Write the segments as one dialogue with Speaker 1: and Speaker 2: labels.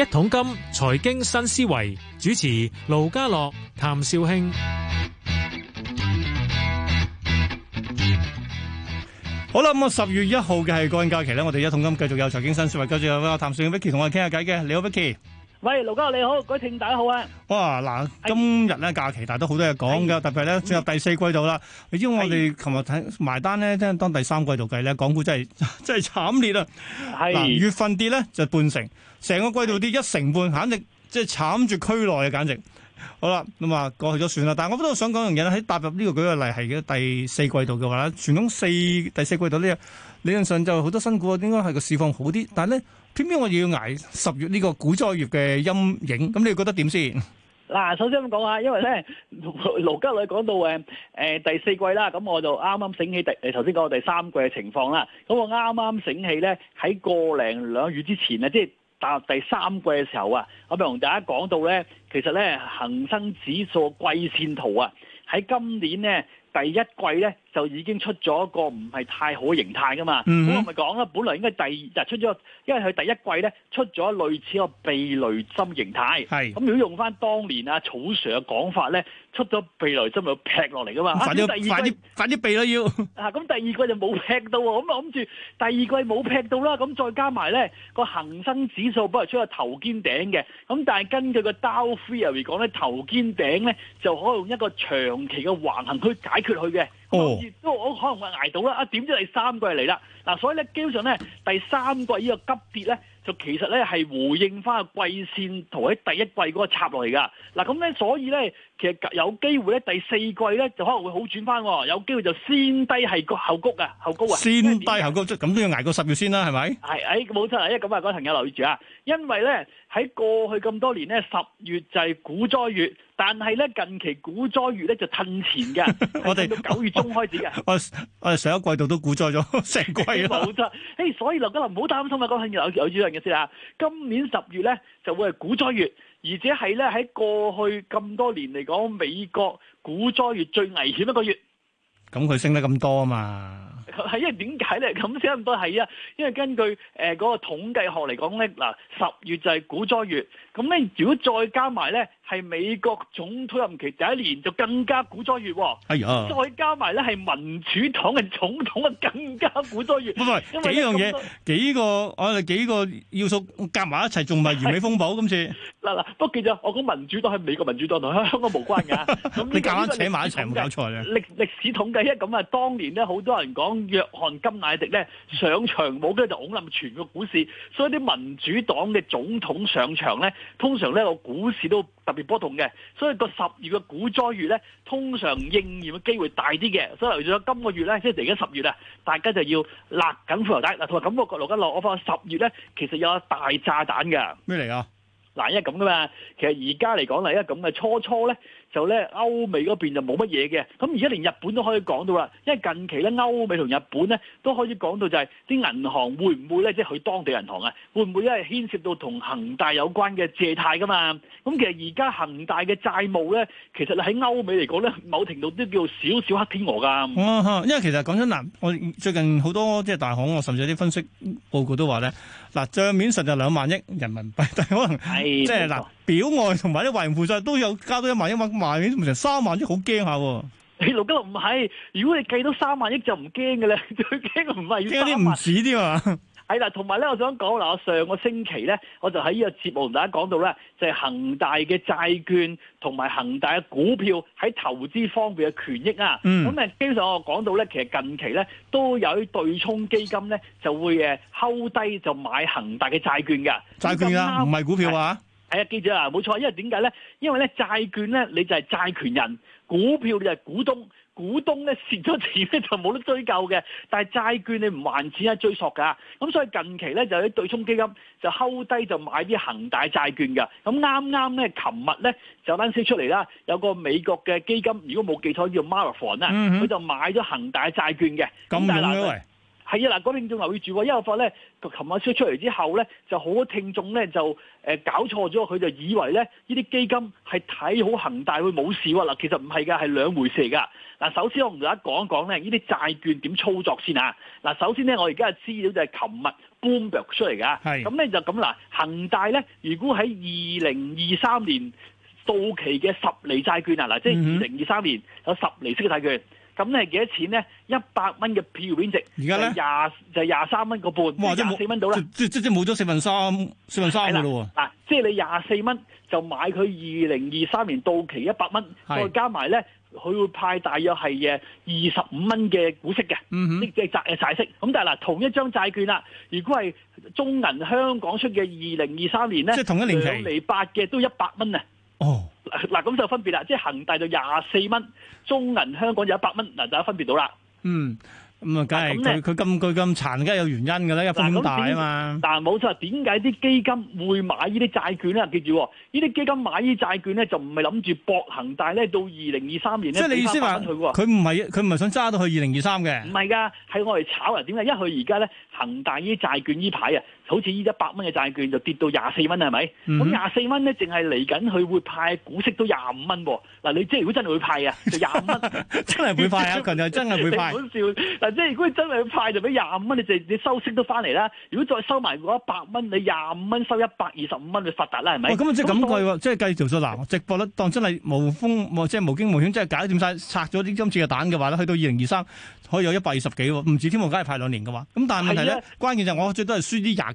Speaker 1: 一桶金財經新思維，主持盧家樂、譚紹興，好啦，咁啊十月一號嘅係國慶假期咧，我哋一桶金繼續有財經新思維，繼續有啊譚紹興 Vicky 同我哋傾下偈嘅，你好 Vicky。喂，盧家你好，各位聽眾大家好啊！哇，嗱，今日咧假期，大家都好多嘢講嘅，唉特別咧進入第四季度啦。你知唉我哋琴日睇埋單咧，即當第三季度計咧，港股真係真係慘烈啦、啊、嗱，唉月份跌咧就半成，成個季度跌一成半，肯定即係慘絕區內嘅簡直，簡直好啦，咁啊過去咗算啦。但係我都想講樣嘢喺踏入呢個舉個例係嘅第四季度嘅話咧，傳統四第四季度呢，理論上就好多新股應該係個市況好啲，但係咧。偏偏我要捱十月呢個股災月嘅陰影，咁你覺得點先？
Speaker 2: 嗱，首先咁講下，因為咧盧家吉磊講到誒誒、呃、第四季啦，咁我就啱啱醒起第誒頭先講過第三季嘅情況啦。咁我啱啱醒起咧喺個零兩月之前啊，即係踏入第三季嘅時候啊，我咪同大家講到咧，其實咧恒生指數季線圖啊，喺今年咧第一季咧。就已經出咗一個唔係太好嘅形態噶嘛，咁我咪講啦。本來應該第二日出咗，因為佢第一季咧出咗類似個避雷針形態，咁是如果用翻當年啊草 Sir 嘅講法咧，出咗避雷針就要劈落嚟噶嘛。啊、反啲正，快啲，快啲避啦要咁第， 第二季就冇劈到喎。咁我諗住第二季冇劈到啦，咁再加埋咧個恒生指數不如出個頭肩頂嘅，咁但係根據個 Dow Theory 講咧，頭肩頂咧就可以用一個長期嘅橫行區解決佢嘅。哦、oh.，都我可能會挨到啦，啊，點知第三季嚟啦。嗱，所以咧，基本上咧，第三季呢個急跌咧，就其實咧係回應翻個季線圖喺第一季嗰個插落嚟噶。嗱、啊，咁咧，所以咧，其實有機會咧，第四季咧就可能會好轉翻，有機會就先低係谷後谷噶，後高啊。先
Speaker 1: 低後谷，即係咁都要挨過十月先啦，係咪？
Speaker 2: 係、哎，誒，冇錯啊，咁啊，各位朋友留意住啊，因為咧喺過去咁多年咧，十月就係股災月。但係咧，近期股災月咧就褪前嘅， 我哋都九月中開始嘅。
Speaker 1: 我我，我上一季度都股災咗成 季咯。冇
Speaker 2: 錯，誒，所以劉家林唔好擔心啊！講緊有有呢樣嘢先啊，今年十月咧就會係股災月，而且係咧喺過去咁多年嚟講，美國股災月最危險的一個月。
Speaker 1: 咁佢升得咁多啊嘛？
Speaker 2: 係因為點解咧？咁升咁多係啊？因為根據誒嗰個統計學嚟講咧，嗱十月就係股災月。咁咧，如果再加埋咧，係美國總統任期第一年就更加股災月喎。啊，再
Speaker 1: 加埋咧係民主黨嘅總統啊，更加股災月。唔係唔係，幾樣嘢幾個我哋幾個要素夾埋一齊，仲係完美風暴是今次。嗱嗱，不記咗。我講民主黨係美國民主黨同香港無關㗎。 樣你夾硬，硬扯埋一齊，唔搞錯啦。
Speaker 2: 歷歷史統計一咁啊，當年咧好多人講約翰甘迺迪咧上場冇，跟住就恐冧全個股市。所以啲民主黨嘅總統上場咧。通常咧個股市都特別波動嘅，所以個十月嘅股災月咧，通常應驗嘅機會大啲嘅。所以嚟咗今個月咧，即係嚟緊十月啊，大家就要勒緊褲頭帶。嗱，同埋咁個角度落講，我發覺十月咧，其實有一大炸彈㗎。咩
Speaker 1: 嚟啊？嗱，因
Speaker 2: 為咁嘅嘛，其實而家嚟講嚟一咁嘅初初咧。就咧歐美嗰邊就冇乜嘢嘅，咁而家連日本都可以講到啦，因為近期咧歐美同日本咧都可以講到，就係啲銀行會唔會咧即係去當地銀行啊？會唔會因為牽涉到同恒大有關嘅借貸噶嘛？咁其實而家恒大嘅債務咧，其實喺歐美嚟講咧，某程度都叫少少
Speaker 1: 黑天鵝噶。哇！嚇，因為其實講真嗱，我最近好多即係大行，我甚至有啲分析報告都話咧，嗱，帳面上就兩萬億人民幣，但係可能即係嗱。表外同埋啲壞賬負債都有加多一萬一萬萬嘅，變成三萬億，好驚下。你盧吉樂唔係，如果你計到三萬億就唔驚嘅咧， 最驚唔係三萬。驚啲唔止啲嘛？
Speaker 2: 係啦，同埋咧，我想講嗱，我上個星期咧，我就喺呢個節目同大家講到咧，就係、是、恒大嘅債券同埋恒大嘅股票喺投資方面嘅權益啊。咁啊、嗯，經常我講到咧，其實近期咧都有啲對沖基金咧就會誒溝低就買恒大嘅債券噶，
Speaker 1: 債券啊，唔係股票啊。
Speaker 2: 係啊、哎，記者啊，冇錯，因為點解咧？因為咧債券咧，你就係債權人；股票你就係股東，股東咧蝕咗錢咧就冇得追究嘅。但係債券你唔還錢係追索㗎。咁所以近期咧就喺對沖基金就拋低就買啲恒大債券㗎。咁啱啱咧，琴日咧就單先出嚟啦，有個美國嘅基金，如果冇記錯叫 Marathon 啦、嗯哼，佢就買咗恒大債券嘅。咁大膽喎！係啊，嗱，嗰啲聽眾留意住喎，因為發咧，琴日出出嚟之後咧，就好多聽眾咧就誒搞錯咗，佢就以為咧呢啲基金係睇好恒大會冇事喎，嗱，其實唔係㗎，係兩回事嚟㗎。嗱，首先我同大家講一講咧，呢啲債券點操作先啊。嗱，首先咧，我而家嘅資料就係琴日 Bloomberg 出嚟㗎，係咁咧就咁嗱，恒大咧如果喺二零二三年到期嘅十厘債券啊，嗱、mm，hmm。即係二零二三年有十厘息嘅債券。咁係幾多錢咧？一百蚊嘅票面值，而家咧廿就係廿三蚊個半，哇！即係冇四蚊到啦，
Speaker 1: 即即即冇咗四分三四分三嘅咯喎。
Speaker 2: 嗱，即係你廿四蚊就買佢二零二三年到期一百蚊，是再加埋咧，佢會派大約係誒二十五蚊嘅股息嘅，即係債債息。咁但係嗱，同一張債券啦，如果係中銀香港出嘅二零二三年咧，即係同一年期嚟發嘅都一百蚊啊！嗱，咁就分別啦，即係恒大就廿四蚊，中銀香港元就一百蚊，嗱，大家分別到啦。
Speaker 1: 嗯，咁啊，梗係佢佢咁佢咁殘，梗係有原因嘅咧，因為咁大啊嘛。
Speaker 2: 但係冇、啊、錯，點解啲基金會買呢啲債券咧？記住，呢啲基金買呢啲債券咧，就唔係諗住博恒大咧，到二零二三年咧。即係你意思話，佢唔係
Speaker 1: 佢唔係想揸到去二零二三嘅？
Speaker 2: 唔係㗎，係我哋炒啊！點解？因為佢而家咧，恒大呢啲債券呢排。啊！好似依一百蚊嘅債券就跌到廿四蚊係咪？咁廿四蚊咧，淨係嚟緊佢會派股息都廿五蚊喎。嗱、啊，你即係如果真係會， 會派啊，就廿五蚊，真係會派啊，真係會派。好笑嗱、啊，即係如果真係去派就俾廿五蚊，你淨你收息都翻嚟啦。如果再收埋嗰一百蚊，你廿五蚊收一百二十五蚊，你發達啦係咪？咁啊、哦、即係咁句喎，當即
Speaker 1: 係計條數嗱，直播咧當真係無風，即係無驚無險，即係搞掂晒。拆咗啲今次嘅蛋嘅話咧，去到二零二三可以有一百二十幾喎，唔止天王街派兩年嘅話。咁但係問題咧，啊、關鍵就係我最多係輸啲廿。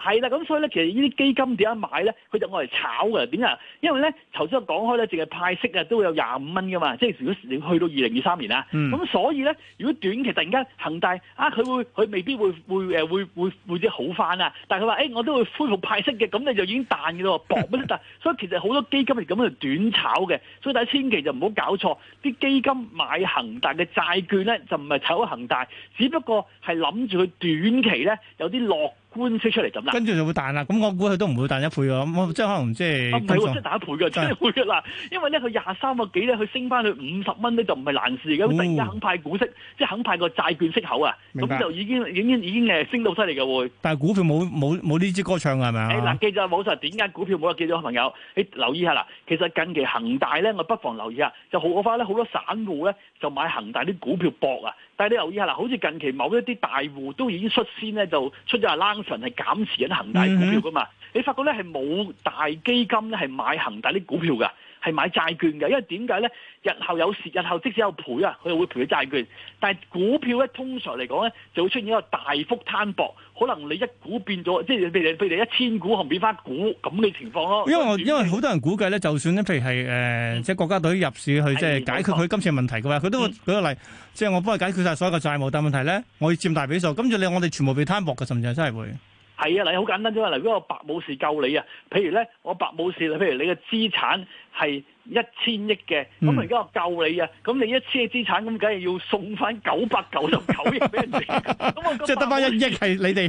Speaker 2: 係啦，咁所以咧，其實呢啲基金點樣買咧？佢就愛嚟炒㗎。點解？因為咧，頭先我講開咧，淨係派息啊，都會有廿五蚊噶嘛。即係如果你去到二零二三年啦，咁、嗯、所以咧，如果短期突然間恒大啊，佢會佢未必會會誒會會會啲好翻啊。但係佢話誒我都會恢復派息嘅。咁你就已經彈嘅咯，搏乜得？但係 所以其實好多基金係咁樣是短炒嘅。所以大家千祈就唔好搞錯，啲基金買恒大嘅債券咧，就唔係炒恒大，只不過係諗住佢短期咧
Speaker 1: 有啲落。官息出嚟咁啦，跟住就會彈啦。咁我估佢都唔會彈一倍喎。即係可能即係即係彈一倍嘅，就是、真係會嘅啦。因為咧佢廿三個幾咧，佢升翻去五十蚊咧，就唔係難
Speaker 2: 事嘅。咁、嗯、突然間肯派股息，即、就、係、是、肯派個債券息口啊，咁白就已經已經已經誒升到犀利嘅喎。
Speaker 1: 但係股票冇冇冇呢支歌唱係咪啊？誒嗱、哎，記
Speaker 2: 住啊，冇晒。點解股票冇得記咗？朋友，你留意下啦。其實近期恒大咧，我不妨留意下。就好講翻咧，好多散戶咧就買恒大啲股票搏啊。但係你留意下啦，好似近期某一啲大戶都已經率先咧，就出咗份係減持緊恒大股票噶嘛？你發覺咧係冇大基金咧係買恒大啲股票噶。係買債券嘅，因為點解咧？日後有時日後即使有賠啊，佢就會賠嘅債券。但係股票咧，通常嚟講咧，就會出現一個大幅攤薄，可能你一股變咗，即係譬如譬如一千股後變翻股咁嘅情況咯。因為我，為因
Speaker 1: 為好多人估計咧，就算咧，譬如係、呃、即係國家隊入市去即係解決佢今次嘅問題嘅話，佢都會舉個、嗯、例，即係我幫佢解決晒所有嘅債務，但問題咧，我要佔大比數，跟住你我哋全部被攤薄嘅，甚至係真係會。
Speaker 2: 係啊，例好簡單啫嘛，嗱，如果我白武士救你啊，譬如咧，我白武士譬如你嘅資產係一千億嘅，咁而家我救你啊，咁你一千億資產，咁梗係要送翻九百九十九億
Speaker 1: 俾人哋，咁 我即係得翻一億係你
Speaker 2: 哋。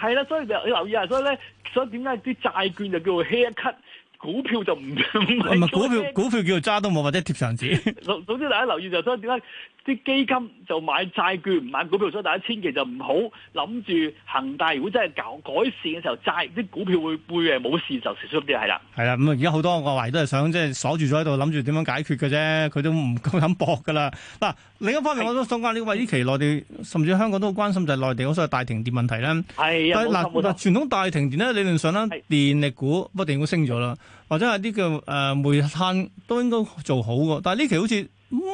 Speaker 2: 係 啦、啊，所以你留意下。所以咧，所以點解啲債券就叫做 haircut？股票就唔唔係股票，我股票
Speaker 1: 叫做揸都冇或者貼牆紙。
Speaker 2: 總之大家留意就所以點解啲基金就買債券唔買股票？所以大家千祈就唔好諗住恒大如果真係搞改善嘅時候，債啲股票會背嘅冇事就少少啲係啦。
Speaker 1: 係啦，咁而家好多個位都係想即係、就係、鎖住咗喺度，諗住點樣解決嘅啫。佢都唔夠膽搏㗎啦。嗱，另一方面我，我都想講呢個話，依期內地甚至香港都好關心就係內地嗰個所謂大停電問題咧。係啊，嗱，傳統大停電咧，理論上咧的電力股不一定會升咗啦。或者係啲叫誒煤炭都應該做好嘅，但係呢期好似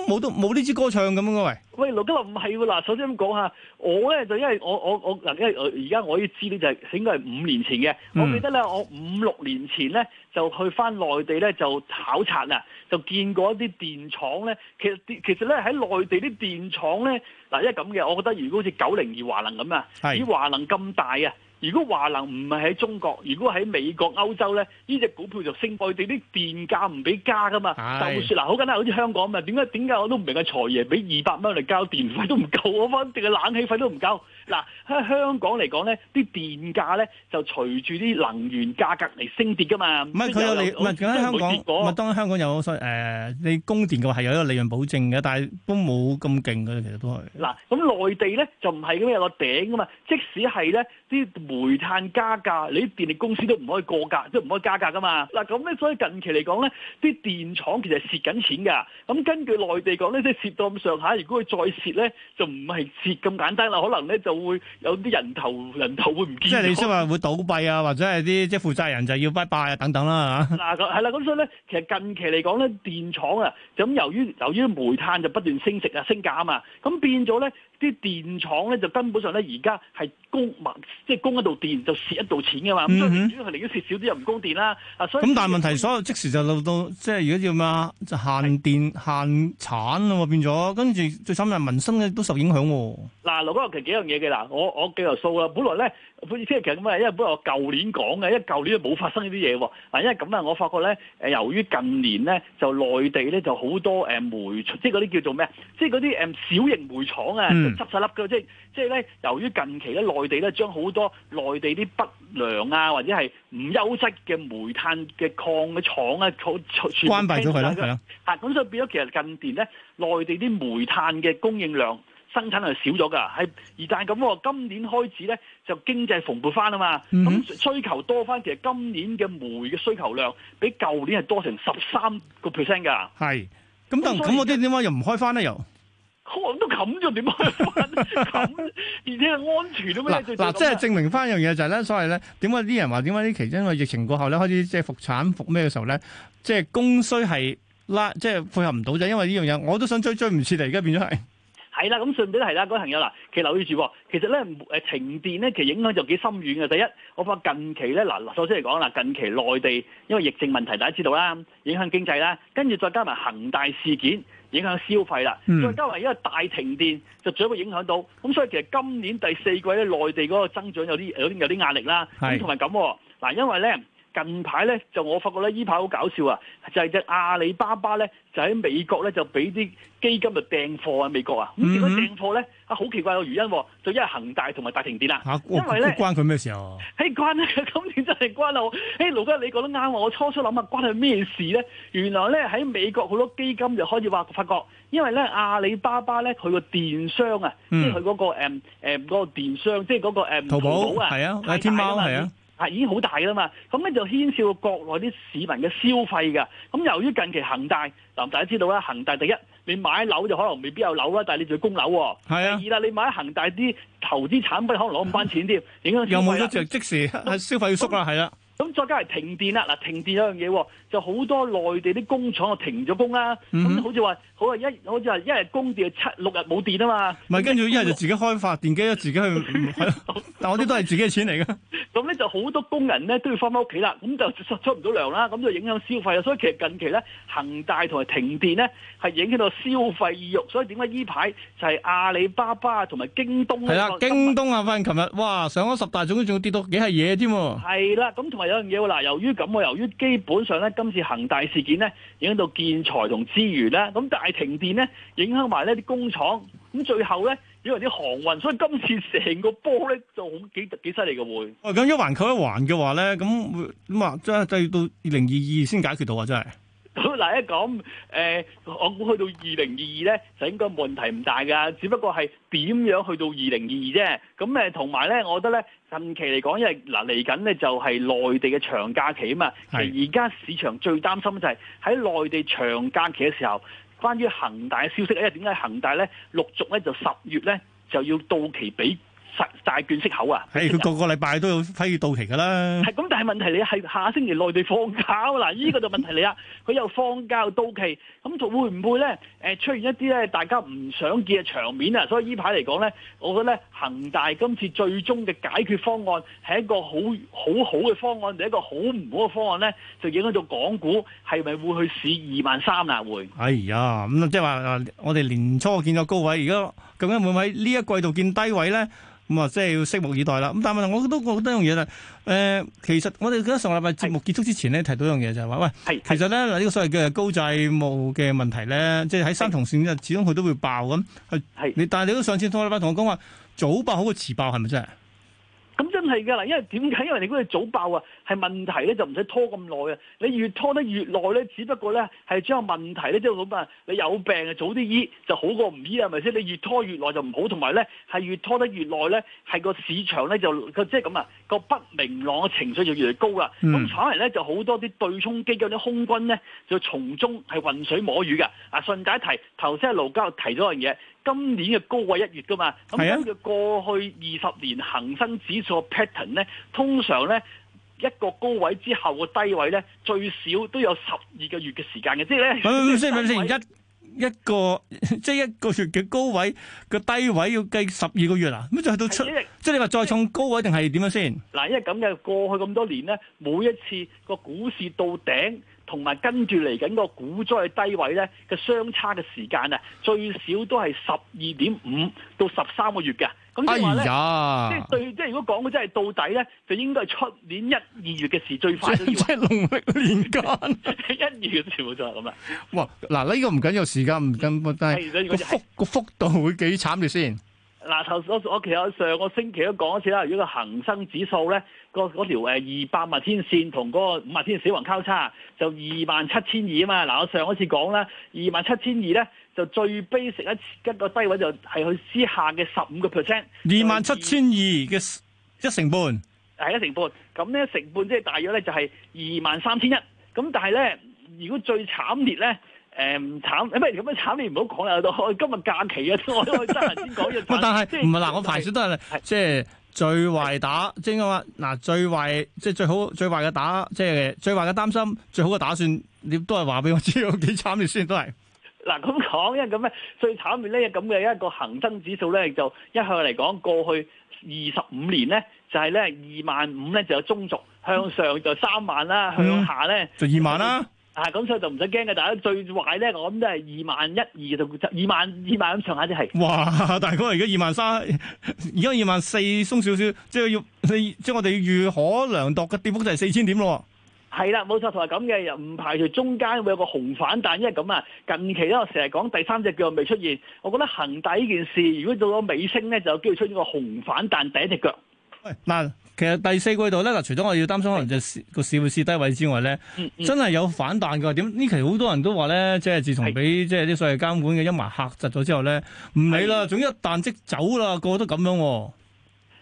Speaker 1: 冇都冇呢支歌唱咁嘅喂。
Speaker 2: 喂，劉吉樂唔係喎嗱，首先咁講下，我咧就因為我我我嗱，因為而家我啲資料就係、是、應該係五年前嘅，嗯、我記得咧我五六年前咧就去翻內地咧就考察啊，就見過一啲電廠咧，其實電其實咧喺內地啲電廠咧嗱，因為咁嘅，我覺得如果好似九零二華能咁啊，是以華能咁大啊。如果華能唔係喺中國，如果喺美國、歐洲咧，呢隻股票就升過。但啲電價唔俾加噶嘛，是的 就會説嗱，好簡單，好似香港咁啊。點解點解我都唔明啊？財爺俾二百蚊嚟交電費都唔夠，我返定係冷氣費都唔夠。嗱喺香港嚟講咧，啲電價咧就隨住啲能源價格嚟升跌噶嘛。唔係佢有利，唔係喺香港，
Speaker 1: 唔係當香港有誒、呃、你供電嘅話係有一個利潤保證嘅，但係都冇咁勁嘅，其實都係。
Speaker 2: 嗱咁內地咧就唔係咁有個頂噶嘛，即使係咧啲。煤炭加價，你啲電力公司都唔可以過價，即係唔可以加價噶嘛。嗱咁咧，所以近期嚟講咧，啲電廠其實蝕緊錢㗎。咁根據內地講咧，即係蝕到咁上下。如果佢再蝕咧，就唔係蝕咁簡單啦，可能咧就會有啲人頭人頭會唔見。即係你先話
Speaker 1: 會倒閉啊，或者係啲即係負責人就要拜拜啊等等啦、啊、
Speaker 2: 嚇。嗱，係啦，咁所以咧，其實近期嚟講咧，電廠啊，咁由於由於煤炭就不斷升值啊、升價啊嘛，咁變咗咧啲電廠咧就根本上咧而家係供物，即係供。度電就蝕一度錢嘅嘛，咁、嗯、哼所以
Speaker 1: 主要寧願蝕少啲又唔供電啦。啊，所以咁但係問題，所有即時就落到即係如果要咩就限電限產啊是變咗，跟住最慘係民生嘅都受影響、啊。
Speaker 2: 嗱，羅哥其幾樣嘢嘅。嗱，我我計下數啦，本來咧。好似即係其實咁啊，因為本來我舊年講嘅，因為舊年都冇發生呢啲嘢喎。嗱，因為咁啊，我發覺咧，誒由於近年咧，就內地咧就好多誒煤，即係嗰啲叫做咩？即係嗰啲誒小型煤廠啊，嗯、就執曬笠嘅。即係即係咧，由於近期咧，內地咧將好多內地啲不良啊，或者係唔優質嘅煤炭嘅礦嘅廠啊，全部關閉咗佢啦，係啦。啊，咁所以變咗其實近年咧，內地啲煤炭嘅供應量。生產量是少咗㗎，係而但係咁喎，今年開始咧就經濟蓬勃翻啊嘛，咁、嗯、哼需求多翻。其實今年嘅煤嘅需求量比舊年係多成十三個 percent 㗎。係
Speaker 1: 咁，但係咁我啲點解又唔開翻咧？
Speaker 2: 又都冚咗點開翻？ 而且係安全都咩？嗱即係證
Speaker 1: 明翻一樣嘢就係、是、咧，所以咧點解啲人話點解呢期？因為疫情過後咧開始即係復產復咩嘅時候咧，即係供需係拉，即、就、係、是、配合唔到就因為呢樣嘢我都想追不，追唔切嚟，而家變咗係。
Speaker 2: 係啦，咁順便都係啦，嗰位朋友啦，其實留意住，其實咧停電咧，其實影響就幾深遠嘅。第一，我怕近期咧嗱嗱，首先嚟講啦，近期內地因為疫症問題，大家知道啦，影響經濟啦，跟住再加埋恒大事件影響消費啦，再加埋因為大停電就進一步影響到，咁所以其實今年第四季咧，內地嗰個增長有啲有啲有啲壓力啦，咁同埋咁嗱，因為咧。近排咧就我發覺咧，依排好搞笑啊！就係、是、隻阿里巴巴咧，就喺美國咧就俾啲基金就訂貨啊！美國啊，咁點解訂貨咧啊？好奇怪嘅原因、啊，就因為恒大同埋大停電啦、啊。吓、啊、因為咧、啊、關佢咩事啊？嘿、欸，關啊！今年真係關啊！嘿、欸，盧哥，你講得啱喎、啊。我初初諗下關佢咩事咧？原來咧喺美國好多基金就開始話發覺，因為咧阿里巴巴咧佢個電商啊，嗯、即係佢嗰個嗰、嗯那個電商，即係嗰、那個淘、嗯、寶，寶啊，係啊，天貓係啊。係已經好大㗎啦嘛，咁咧就牽涉到國內啲市民嘅消費㗎。咁由於近期恒大，嗱大家知道啦，恒大第一，你買樓就可能未必有樓啦，但你仲要供樓喎、哦。係啊，第二啦，你買恒大啲投資產品可能攞唔翻錢添， 影冇咗就即
Speaker 1: 時消費要縮啦，係啦。
Speaker 2: 咁再加埋停電啦，嗱停電一樣嘢，就好多內地啲工廠啊停咗工啦，咁、嗯、哼好似話，好啊一，好似話一日供電七六日冇電啊嘛，唔係跟住一日
Speaker 1: 就自己開發電機就自己去， 但係我啲都係自己嘅錢嚟㗎。
Speaker 2: 咁咧就好多工人咧都要翻翻屋企啦，咁就出唔到糧啦，咁就影響消費啊。所以其實近期咧，恒大同埋停電咧係影響到消費意欲，所以點解依排就係阿里巴巴同埋京、啊、京東，係啦，
Speaker 1: 京東啊，發現琴日哇上咗十大總數仲跌到幾係嘢添喎。
Speaker 2: 係啦、啊，咁同埋。有一樣嘢啦，由於咁啊，由於基本上咧，今次恒大事件咧，影響到建材同資源咧，咁大停電咧，影響埋呢啲工廠，咁最後咧，因為啲航運，所以今次成個波咧就好幾幾犀利嘅會。
Speaker 1: 啊，咁、嗯、一環扣一環嘅話咧，咁咁、嗯、啊，真係都要到二零二二先解決到啊，真係。
Speaker 2: 嗱， 一講誒、呃，我估去到二零二二咧，就應該問題唔大噶，只不過係點樣去到二零二二啫。咁誒，同埋咧，我覺得咧，近期嚟講，因為嗱嚟緊咧就係內地嘅長假期啊嘛。係而家市場最擔心就係喺內地長假期嘅時候，關於恒大嘅消息。因為點解恒大咧陸續咧就十月咧就要到期俾。十大券息口啊，佢個是口
Speaker 1: 個禮拜都有可以到期㗎啦。係咁，但係問
Speaker 2: 題你係下星期內地放假嗱，呢、這個就問題你啦。佢又 放假又到期，咁會唔會咧？出現一啲咧，大家唔想見嘅場面啊！所以呢排嚟講咧，我覺得咧，恒大今次最終嘅解決方案係一個好好好嘅方案，定一個好唔好嘅方案咧，就影響到港股係咪會去市二萬三啊？會。
Speaker 1: 哎呀，咁即係話我哋年初見咗高位，而家。咁啊，每喺呢一季度見低位咧，咁啊，即係要拭目以待啦。咁但係我都我覺得一樣嘢啦，誒、呃，其實我哋記得上個禮拜節目結束之前咧，是提到一樣嘢就係話，喂，係是其實咧嗱，呢、這個所謂嘅高債務嘅問題咧，即係喺三同線日始終佢都會爆咁，係是是你，但係你都上次同我禮拜同我講話，早爆好過遲爆，係咪真係？
Speaker 2: 咁真係㗎啦，因為點解？因為如果你早爆啊，係問題咧就唔使拖咁耐啊。你越拖得越耐咧，只不過咧係將問題咧即係咁啊，你有病啊，早啲醫就好過唔醫係咪先？你越拖越耐就唔好，同埋咧係越拖得越耐咧，係個市場咧就即係咁啊個不明朗嘅情緒就越嚟越高啊。咁反而咧就好多啲對沖基金啲空軍咧就從中係混水摸魚嘅。啊，順帶一提，頭先阿盧教授提咗一樣嘢，今年嘅高位一月㗎嘛，咁跟住過去二十年恒生指。個 pattern 咧，Pattern，通常咧一個高位之後個低位咧，最少都有十二個月嘅時間嘅，即係咧。係先？一一
Speaker 1: 個即係一個月嘅高位嘅低位要計十二個月啊？咁就係到出，即係你話再創高位定係點樣先？
Speaker 2: 嗱，因為咁嘅過去咁多年咧，每一次個股市到頂同埋跟住嚟緊個股災低位咧嘅相差嘅時間啊，最少都係十二點五到十三個月嘅。咁、哎、呀即係即對，即係如果講嘅，真係到底咧，就應該係出年一二月嘅時最快都要。即係農曆年間， 一月全部就係咁啦。
Speaker 1: 哇！嗱、呢、這個唔緊要時間，唔緊，但係的個幅個的幅，幅度會幾慘啲先？
Speaker 2: 嗱，頭我我其實我上個星期都講一次啦。如果個恒生指數咧，嗰條誒二百萬天線同嗰個五萬天線死亡交叉，就二萬七千二啊嘛。嗱，我上一次講啦，二萬七千二咧。就最悲食一次一個低位就係佢之下嘅十五個 percent，
Speaker 1: 二萬七千二嘅一成半，
Speaker 2: 係一成半。咁呢，一成半即係大約咧就係二萬三千一。咁但係咧，如果最慘烈咧，誒、呃、慘，唔係咁樣慘烈唔好講啦，阿今日假期啊，我真係先講嘢。唔
Speaker 1: 就是、但係唔係嗱，就是、我排除都係即係最壞打，即係話嗱最壞，即、就、係、是、最好最壞嘅打，即、就、係、是、最壞嘅擔心，最好嘅打算，你都係話俾我知，幾慘烈先都係。
Speaker 2: 嗱咁講，因為咁咧，最慘嘅咧，咁嘅一個恒生指數咧，就一向嚟講，過去二十五年咧，就係咧二萬五咧就有中軸向上就三萬啦， 向下咧就二萬啦。啊，咁所以就唔使驚嘅，大家最壞咧，我諗都係二萬一二就二萬二
Speaker 1: 萬咁上下就係。哇！大哥，而家二萬三，而家二萬四鬆少少，即係要，即係我哋預可量度嘅跌幅就係四千點咯。係啦，冇錯，同埋咁嘅，又
Speaker 2: 唔排除中間會有個紅反彈，因為咁啊。近期咧，我成日講第三隻腳未出現，我覺得恒大呢件事，如果到咗尾聲咧，就有機會出現個紅反彈第一隻腳。喂，
Speaker 1: 嗱，其實第四季度咧，嗱，除咗我要擔心可能就個市會市低位之外咧，的真係有反彈㗎？點呢期好多人都話咧，即係自從俾即係啲所謂監管嘅陰霾嚇窒咗之後咧，唔理啦，的總之一彈即走啦，個個都咁樣喎。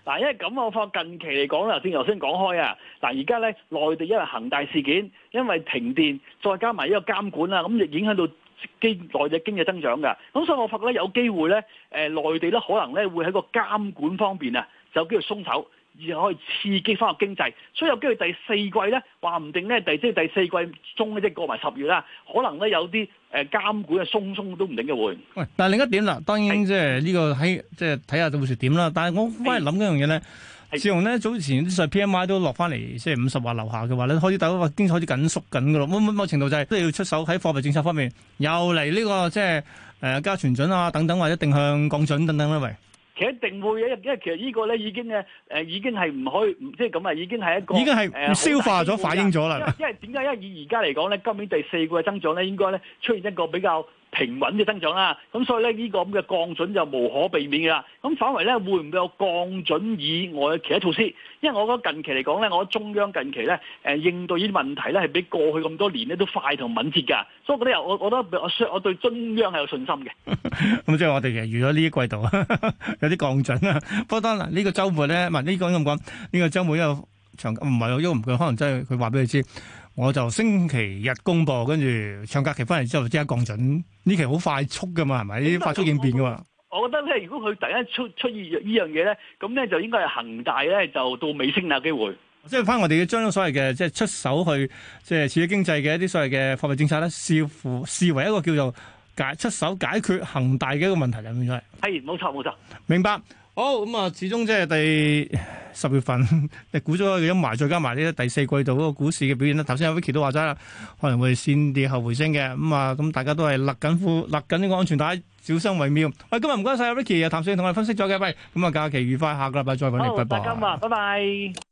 Speaker 2: 嗱，因為咁我發近期嚟講咧，頭先頭先講開啊，嗱而家咧內地因為恒大事件，因為停電，再加埋呢個監管啦，咁亦影響到經內地經濟增長嘅，咁所以我發覺咧有機會咧，誒內地咧可能咧會喺個監管方面啊，就有機會鬆手。而可以刺激翻個經濟，所以有機會第四季咧，話唔定咧，第即係第四季中即係過埋十月啦，可能咧有啲誒監管啊鬆鬆都唔定嘅會。
Speaker 1: 喂，但係另一點啦，當然即係呢個喺即係睇下到時點啦。但係我翻嚟諗一樣嘢咧，志雄咧早前上 P M I 都落翻嚟，即係五十或樓下嘅話咧，開始第一個經濟開始緊縮緊嘅咯。某某程度就係都要出手喺貨幣政策方面又嚟呢個即係誒加存準啊等等或者定向降準等等啦，喂。
Speaker 2: 其實一定會嘅，因為其實呢個咧已經咧、呃，已經係唔可以，唔即係咁啊，已經係一個已經係消化咗、反映咗啦。因為點解？ 因為以而家嚟講咧，今年第四季嘅增長咧，應該咧出現一個比較平穩嘅增長啦，咁所以咧呢、呢個咁嘅降準就無可避免嘅啦。咁反為咧會唔會有降準以外嘅其他措施？因為我覺得近期嚟講咧，我覺得中央近期咧誒、呃、應對呢啲問題咧係比過去咁多年咧都快同敏捷㗎。所以我覺得我覺得我我，我對中央係有信心嘅。
Speaker 1: 咁、 嗯、即係我哋其實預咗呢一季度啊， 有啲降準 不過當然，呢、呢個周、呢個、末咧，唔係呢個咁講，呢個周末一唔係因一唔可能真係佢話俾你知。我就星期日公布跟住長假期翻嚟之後，即刻降準，呢期好快速噶嘛，係咪？啲是快速應變噶嘛？
Speaker 2: 我覺得咧，如果佢突然間出出現呢樣嘢咧，咁咧就應該係恒大咧就到尾聲啦機會。
Speaker 1: 即係翻我哋將所謂嘅即係出手去，即係刺激經濟嘅一啲所謂嘅貨幣政策咧，視乎視為一個叫做解出手解決恒大嘅一個問題嚟嘅，係。係冇錯冇錯，錯明白。好咁啊、嗯，始終即係第。十月份，你 估咗一埋，再加埋呢第四季度嗰個股市嘅表現咧。頭先阿 Vicky 都話齋啦，可能會先跌後回升嘅。咁、嗯、啊，咁、嗯、大家都係勒緊褲，勒緊呢個安全帶，小心為妙。喂、哎，今日唔該晒阿 Vicky 啊，譚生同我哋分析咗嘅。喂，咁、嗯、啊，假期愉快，下個禮拜，再揾你，拜拜。好，大
Speaker 2: 家拜拜。Bye bye.